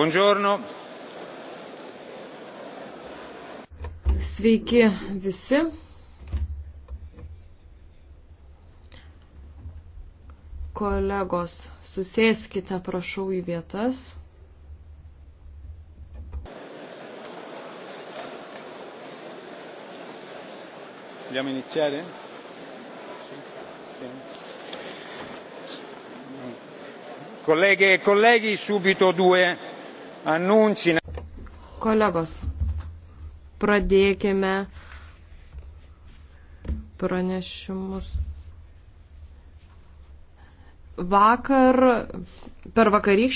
Buongiorno. Sveiki visi. Kolegos, susėskite, prašau, į vietas. Vogliamo iniziare? Sì. Sì. Colleghe e colleghi, subito due Annuncina. Kolegos, pradėkime pranešimus. Vakar per vakarykštį